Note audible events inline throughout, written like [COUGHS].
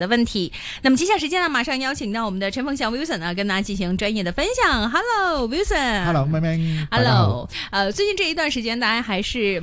的問題，那麼接下來時間呢，馬上邀請到我們的陳鳳翔 Wilson 呢、啊，跟大家進行專業的分享。Hello，Wilson。Hello，妹妹。Hello，呃，最近這一段時間，大家還是。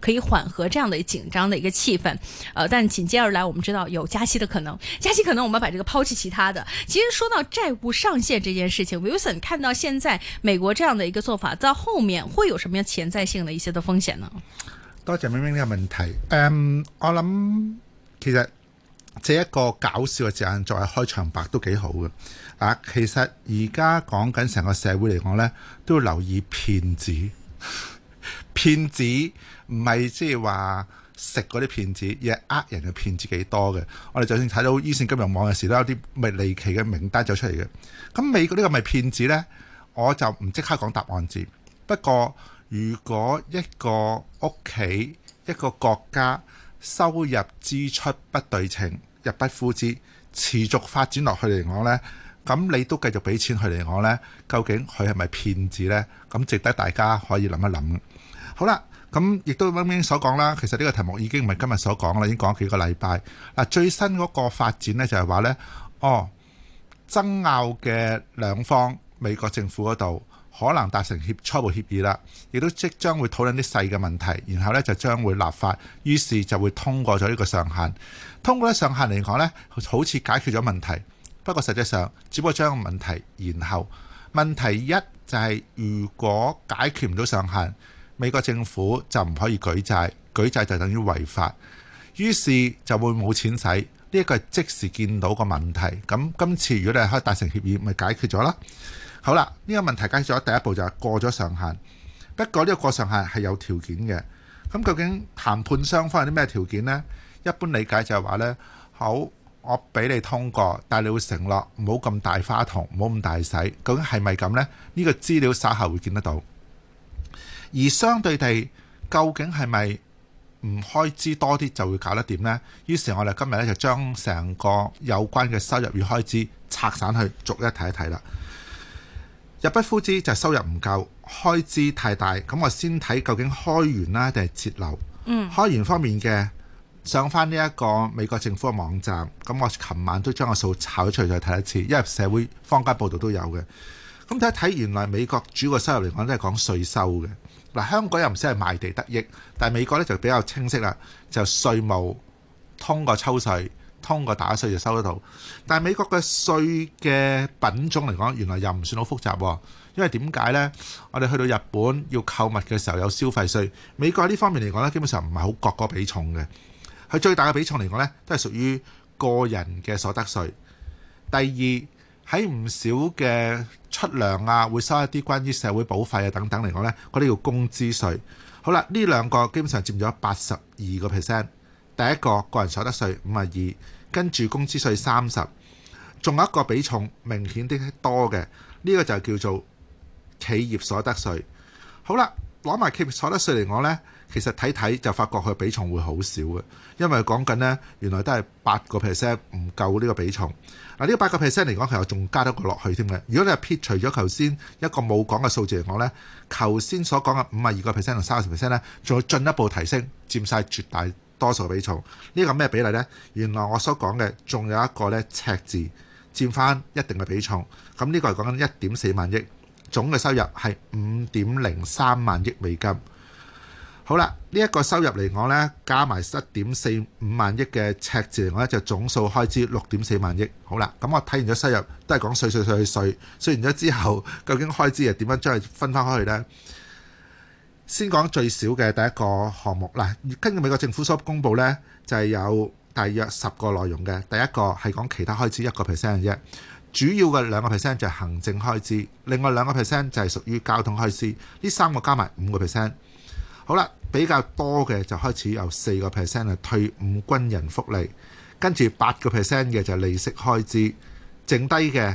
可以緩和這樣的緊張的一個氣氛，呃，但緊接而來，我們知道有加息的可能。加息可能，我們要把這個拋棄其他的。其實說到債務上限這件事情 [NOISE] ，Wilson 看到現在美國這樣的一個做法，到後面會有什麼樣潛在性的一些的風險呢？多謝明明呢個問題，誒、嗯，我諗其實這一個搞笑嘅字眼作為開場白都幾好嘅。啊，其實而家講緊成個社會嚟講呢，都要留意騙子，騙 [LAUGHS] 子。唔係即係話食嗰啲騙子，而係呃人嘅騙子幾多嘅？我哋就算睇到 E 線金融網嘅時，都有啲咪離奇嘅名單走出嚟嘅。咁美國呢個咪騙子呢？我就唔即刻講答案字。不過如果一個屋企一個國家收入支出不對稱，入不敷支，持續發展落去嚟講呢，咁你都繼續俾錢佢嚟講呢，究竟佢係咪騙子呢？咁值得大家可以諗一諗。好啦。咁亦都啱啱所講啦，其實呢個題目已經唔係今日所講啦，已經講幾個禮拜。嗱，最新嗰個發展呢，就係話呢，哦，爭拗嘅兩方美國政府嗰度可能達成協初步協議啦，亦都即將會討論啲細嘅問題，然後呢就將會立法，於是就會通過咗呢個上限。通過咗上限嚟講呢，好似解決咗問題，不過實際上只不過將個問題延後。問題一就係如果解決唔到上限。美國政府就唔可以舉債，舉債就等於違法，於是就會冇錢使。呢一個係即時見到個問題。咁今次如果你係可以達成協議，咪解決咗啦。好啦，呢個問題解決咗，第一步就係過咗上限。不過呢個過上限係有條件嘅。咁究竟談判雙方有啲咩條件呢？一般理解就係話呢：「好，我俾你通過，但你會承諾唔好咁大花筒，唔好咁大使。」究竟係咪咁呢？呢個資料稍後會見得到。而相對地，究竟係咪唔開支多啲就會搞得掂呢？於是，我哋今日咧就將成個有關嘅收入與開支拆散去逐一睇一睇啦。入不敷支，就收入唔夠，開支太大。咁我先睇究竟開源啦，定係節流？嗯，開源方面嘅上返呢一個美國政府嘅網站，咁我琴晚都將個數炒出嚟睇一次，因為社會坊間報道都有嘅。咁睇一睇，原來美國主要嘅收入嚟講都係講稅收嘅。嗱，香港又唔使係賣地得益，但係美國咧就比較清晰啦。就稅務通過抽稅、通過打稅就收得到。但係美國嘅稅嘅品種嚟講，原來又唔算好複雜喎。因為點解呢？我哋去到日本要購物嘅時候有消費稅，美國喺呢方面嚟講呢，基本上唔係好各個比重嘅。佢最大嘅比重嚟講呢，都係屬於個人嘅所得稅。第二喺唔少嘅。出糧啊，會收一啲關於社會保費啊等等嚟講呢，嗰啲叫工資稅。好啦，呢兩個基本上佔咗八十二個 percent。第一個個人所得稅五啊二，跟住工資稅三十，仲有一個比重明顯的多嘅，呢個就叫做企業所得稅。好啦，攞埋企業所得稅嚟講呢。其實睇睇就發覺佢比重會好少嘅，因為講緊呢，原來都係八個 percent 唔夠呢個比重個8。嗱，呢個八個 percent 嚟講，其實又仲加得個落去添嘅。如果你係撇除咗頭先一個冇講嘅數字嚟講呢，頭先所講嘅五啊二個 percent 同三十 percent 咧，仲要進一步提升，佔晒絕大多數比重。呢個咩比例呢？原來我所講嘅仲有一個咧，赤字佔翻一定嘅比重。咁呢個係講緊一點四萬億總嘅收入係五點零三萬億美金。好啦，呢一個收入嚟講呢，加埋七點四五萬億嘅赤字嚟講呢，就總數開支六點四萬億。好啦，咁我睇完咗收入都係講稅稅稅稅，稅完咗之後究竟開支係點樣將佢分返開去呢？先講最少嘅第一個項目啦。根據美國政府所公布呢，就係有大約十個內容嘅。第一個係講其他開支一個 percent 啫，主要嘅兩個 percent 就係、是、行政開支，另外兩個 percent 就係、是、屬於交通開支。呢三個加埋五個 percent。好啦，比較多嘅就開始有四個 percent 係退伍軍人福利，跟住八個 percent 嘅就利息開支，剩低嘅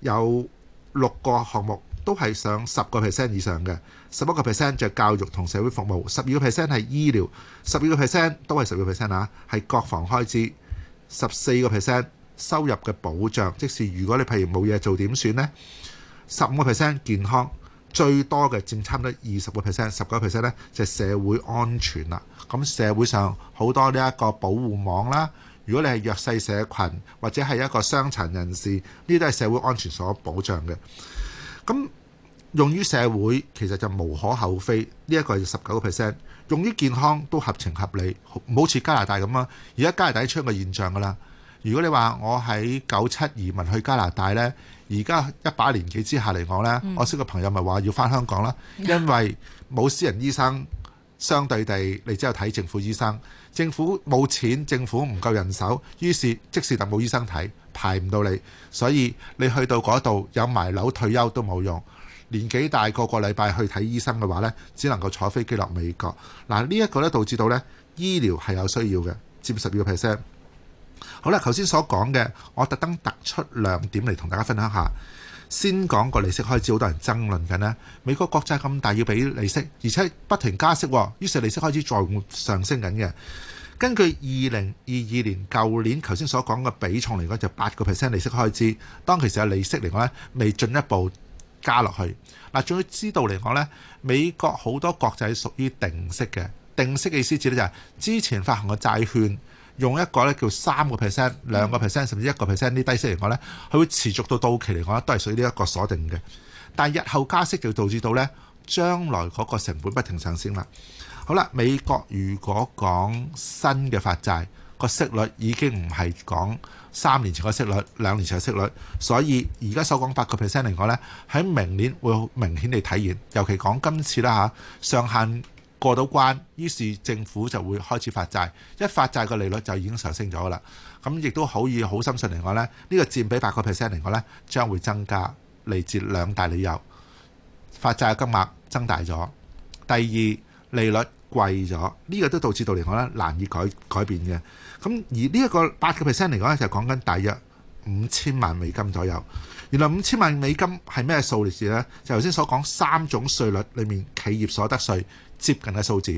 有六個項目都係上十個 percent 以上嘅，十一個 percent 就教育同社會服務，十二個 percent 係醫療，十二個 percent 都係十二個 percent 啊，係國防開支，十四個 percent 收入嘅保障，即使如果你譬如冇嘢做點算呢？十五個 percent 健康。最多嘅佔差唔多二十個 percent，十九 percent 咧就係社會安全啦。咁社會上好多呢一個保護網啦。如果你係弱勢社群，或者係一個傷殘人士，呢啲都係社會安全所保障嘅。咁用於社會其實就無可厚非，呢、呢、一個係十九個 percent。用於健康都合情合理，好似加拿大咁啊。而家加拿大出咗個現象噶啦。如果你話我喺九七移民去加拿大呢。而家一把年紀之下嚟講呢，我識個朋友咪話要翻香港啦，嗯，因為冇私人醫生，相對地你只有睇政府醫生。政府冇錢，政府唔夠人手，於是即使就冇醫生睇，排唔到你。所以你去到嗰度有埋樓退休都冇用，年紀大，個個禮拜去睇醫生嘅話呢，只能夠坐飛機落美國。嗱，呢一個呢，導致到呢醫療係有需要嘅，佔十二個 percent。好啦，頭先所講嘅，我特登突出兩點嚟同大家分享下。先講個利息開支，好多人爭論緊呢，美國國債咁大要俾利息，而且不停加息，於是利息開支再上升緊嘅。根據二零二二年舊年頭先所講嘅比重嚟講，就八個 percent 利息開支。當其時嘅利息嚟講呢，未進一步加落去。嗱，仲要知道嚟講呢，美國好多國債屬於定息嘅。定息嘅意思指呢就係之前發行嘅債券。用一個咧叫三個 percent、兩個 percent 甚至一個 percent 啲低息嚟講咧，佢會持續到到期嚟講都係屬於呢一個鎖定嘅。但係日後加息就導致到咧，將來嗰個成本不停上升啦。好啦，美國如果講新嘅發債個息率已經唔係講三年前個息率，兩年前個息率，所以而家所講八個 percent 嚟講咧，喺明年會明顯地體現，尤其講今次啦吓上限。過到關，於是政府就會開始發債。一發債嘅利率就已經上升咗噶啦。咁亦都可以好深信嚟講咧，呢個佔比八個 percent 嚟講咧，將會增加。嚟自兩大理由：發債嘅金額增大咗；第二，利率貴咗。呢個都導致到嚟講咧，難以改改變嘅。咁而呢一個八個 percent 嚟講咧，就係講緊大約五千萬美金左右。原來五千萬美金係咩數字咧？就頭先所講三種稅率裡面企業所得稅。接近嘅數字，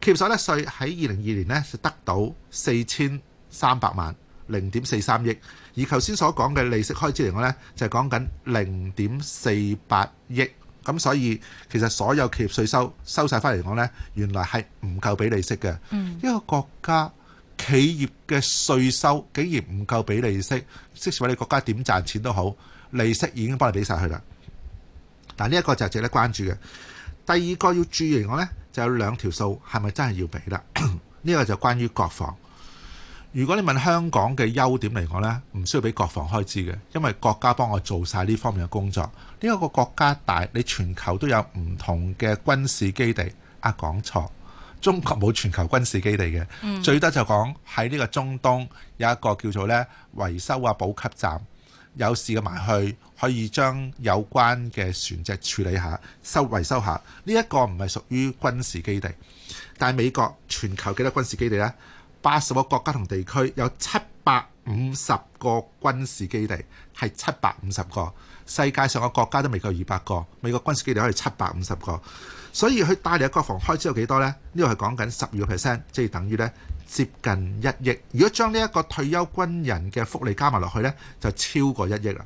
企業所得稅喺二零二年呢就得到四千三百萬零點四三億，而頭先所講嘅利息開支嚟講呢，就係講緊零點四八億，咁所以其實所有企業稅收收曬翻嚟講呢，原來係唔夠俾利息嘅。嗯。一個國家企業嘅稅收竟然唔夠俾利息，即使我哋國家點賺錢都好，利息已經幫你俾晒佢啦。嗱，呢一個就係值得關注嘅。第二個要注意嚟講呢，就有兩條數係咪真係要俾啦？呢、 [COUGHS] 呢個就關於國防。如果你問香港嘅優點嚟講呢，唔需要俾國防開支嘅，因為國家幫我做晒呢方面嘅工作。呢、呢個國家大，你全球都有唔同嘅軍事基地。啊，講錯，中國冇全球軍事基地嘅、嗯，最多就講喺呢個中東有一個叫做呢維修啊補給站。有事嘅埋去，可以將有關嘅船隻處理下、收維修下。呢、這、一個唔係屬於軍事基地，但係美國全球幾多軍事基地呢？八十個國家同地區有七百五十個軍事基地，係七百五十個。世界上嘅國家都未夠二百個，美國軍事基地可以七百五十個。所以佢帶嚟嘅國防開支有幾多呢？呢個係講緊十二個 percent，即係等於呢。接近一億，如果將呢一個退休軍人嘅福利加埋落去呢，就超過一億啦。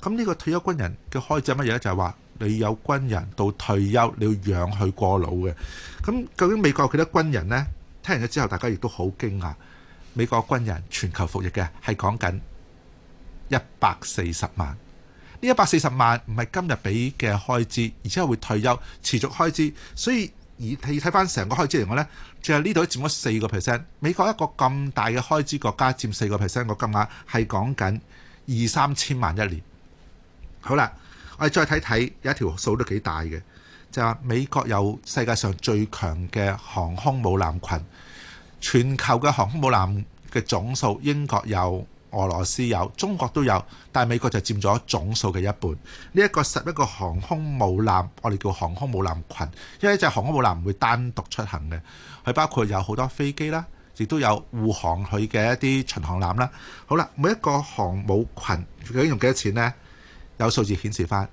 咁呢個退休軍人嘅開支係乜嘢呢？就係話，你有軍人到退休，你要養佢過老嘅。咁究竟美國有幾多軍人呢？聽完咗之後，大家亦都好驚訝。美國軍人全球服役嘅係講緊一百四十萬。呢一百四十萬唔係今日俾嘅開支，而且係會退休持續開支，所以。而睇睇翻成個開支嚟講呢就係呢度佔咗四個 percent。美國一個咁大嘅開支國家佔，佔四個 percent 個金額，係講緊二三千萬一年。好啦，我哋再睇睇有一條數都幾大嘅，就係話美國有世界上最強嘅航空母艦群，全球嘅航空母艦嘅總數，英國有。俄羅斯有，中國都有，但美國就佔咗總數嘅一半。呢一個十一個航空母艦，我哋叫航空母艦群，因為隻航空母艦唔會單獨出行嘅，佢包括有好多飛機啦，亦都有護航佢嘅一啲巡航艦啦。好啦，每一個航母群究竟用幾多錢呢？有數字顯示翻，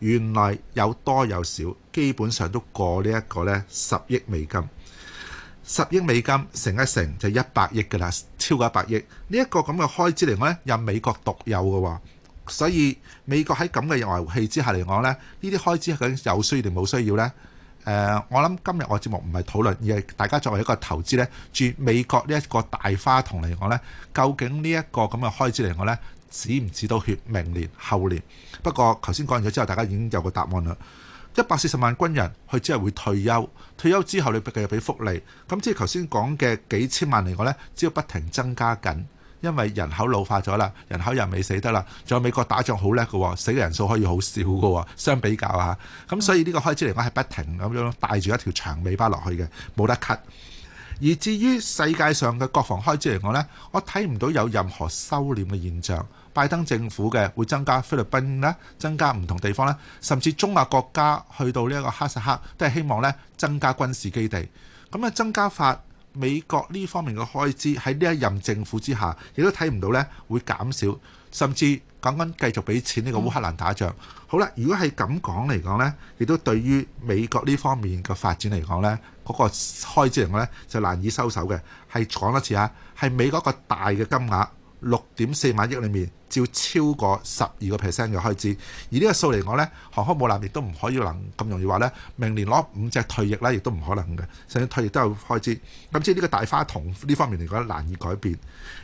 原來有多有少，基本上都過呢一個呢十億美金。十億美金乘一成就一百億㗎啦，超過一百億。呢、這、一個咁嘅開支嚟講呢，任美國獨有嘅話，所以美國喺咁嘅遊戲之下嚟講咧，呢啲開支究竟有需要定冇需要呢？誒、呃，我諗今日我嘅節目唔係討論，而係大家作為一個投資呢，住美國呢一個大花筒嚟講呢，究竟呢一個咁嘅開支嚟講呢，止唔止到血，明年後年？不過頭先講咗之後，大家已經有個答案啦。一百四十萬軍人，佢只係會退休。退休之後，你俾佢俾福利。咁即係頭先講嘅幾千萬嚟講呢，只要不停增加緊，因為人口老化咗啦，人口又未死得啦。仲有美國打仗好叻喎，死嘅人數可以好少喎，相比較吓。咁、嗯、所以呢個開支嚟講係不停咁樣帶住一條長尾巴落去嘅，冇得 cut。而至於世界上嘅國防開支嚟講呢，我睇唔到有任何收斂嘅現象。拜登政府嘅會增加菲律賓呢，增加唔同地方呢，甚至中亞國家去到呢一個哈薩克，都係希望呢增加軍事基地。咁啊增加法美國呢方面嘅開支喺呢一任政府之下，亦都睇唔到呢會減少。甚至講緊繼續俾錢呢個烏克蘭打仗。嗯，好啦，如果係咁講嚟講呢，亦都對於美國呢方面嘅發展嚟講呢，嗰、嗰個開支嚟講呢，就難以收手嘅，係講多次啊，係美國一個大嘅金額。六點四萬億裏面，照超過十二個 percent 嘅開支，而呢個數嚟講咧，航空母艦亦都唔可以能咁容易話咧，明年攞五隻退役啦，亦都唔可能嘅，甚至退役都有開支，咁即係呢個大花筒呢方面嚟講難以改變。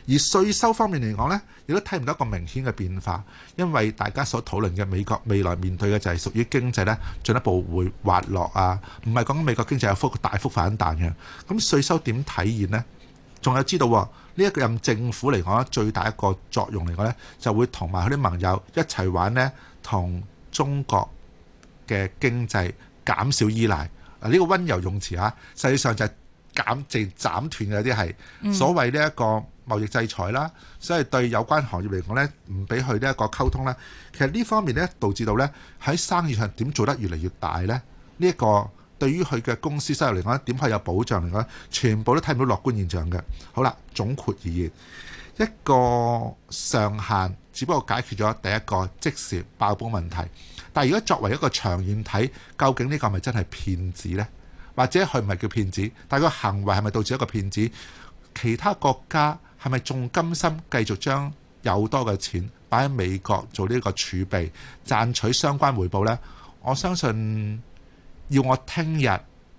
而稅收方面嚟講咧，亦都睇唔到一個明顯嘅變化，因為大家所討論嘅美國未來面對嘅就係屬於經濟咧進一步會滑落啊，唔係講緊美國經濟有幅大幅反彈嘅。咁稅收點體現咧？仲有知道喎？呢一任政府嚟講咧，最大一個作用嚟講咧，就會同埋佢啲盟友一齊玩咧，同中國嘅經濟減少依賴啊！呢個溫柔用詞啊，實際上就係減截斬斷嘅一啲係所謂呢一個貿易制裁啦，所以對有關行業嚟講咧，唔俾佢呢一個溝通咧。其實呢方面咧，導致到咧喺生意上點做得越嚟越大咧，呢一個。對於佢嘅公司收入嚟講，點解有保障嚟講，全部都睇唔到樂觀現象嘅。好啦，總括而言，一個上限只不過解決咗第一個即時爆煲問題。但係如果作為一個長遠睇，究竟呢個係咪真係騙子呢？或者佢唔係叫騙子，但係個行為係咪導致一個騙子？其他國家係咪仲甘心繼續將有多嘅錢擺喺美國做呢個儲備，賺取相關回報呢？我相信。要我聽日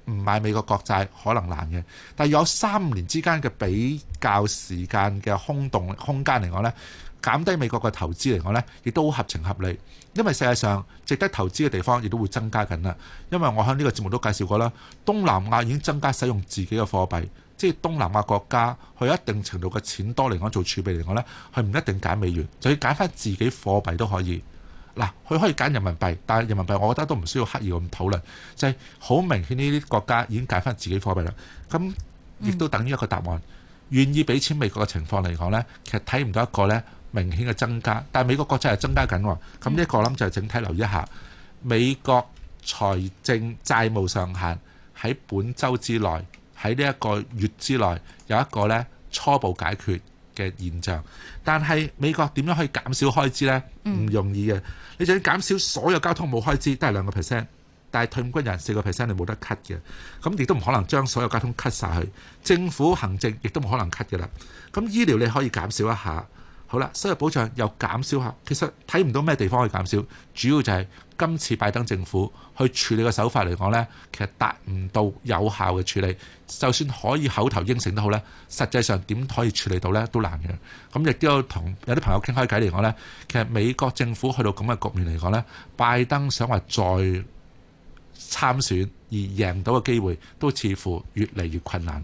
唔買美國國債可能難嘅，但有三年之間嘅比較時間嘅空洞空間嚟講呢，減低美國嘅投資嚟講呢，亦都合情合理。因為世界上值得投資嘅地方亦都會增加緊啦。因為我喺呢個節目都介紹過啦，東南亞已經增加使用自己嘅貨幣，即係東南亞國家去一定程度嘅錢多嚟講做儲備嚟講呢，佢唔一定揀美元，就要揀翻自己貨幣都可以。嗱，佢可以揀人民幣，但係人民幣我覺得都唔需要刻意咁討論，就係、是、好明顯呢啲國家已經解翻自己的貨幣啦。咁亦都等於一個答案，嗯、願意俾錢美國嘅情況嚟講呢，其實睇唔到一個呢明顯嘅增加，但係美國國債係增加緊喎。咁呢一個諗就係整體留意一下美國財政債務上限喺本週之內，喺呢一個月之內有一個呢初步解決嘅現象，但係美國點樣可以減少開支呢？唔容易嘅、嗯。你就算減少所有交通冇開支都係兩個 percent，但係退伍軍人四個 percent 你冇得 cut 嘅。咁亦都唔可能將所有交通 cut 晒去，政府行政亦都冇可能 cut 嘅啦。咁醫療你可以減少一下。好啦，收入保障又減少下，其實睇唔到咩地方可以減少，主要就係今次拜登政府去處理嘅手法嚟講呢，其實達唔到有效嘅處理，就算可以口頭應承都好呢，實際上點可以處理到呢都難嘅。咁亦都有同有啲朋友傾開偈嚟講呢，其實美國政府去到咁嘅局面嚟講呢，拜登想話再參選而贏到嘅機會，都似乎越嚟越困難。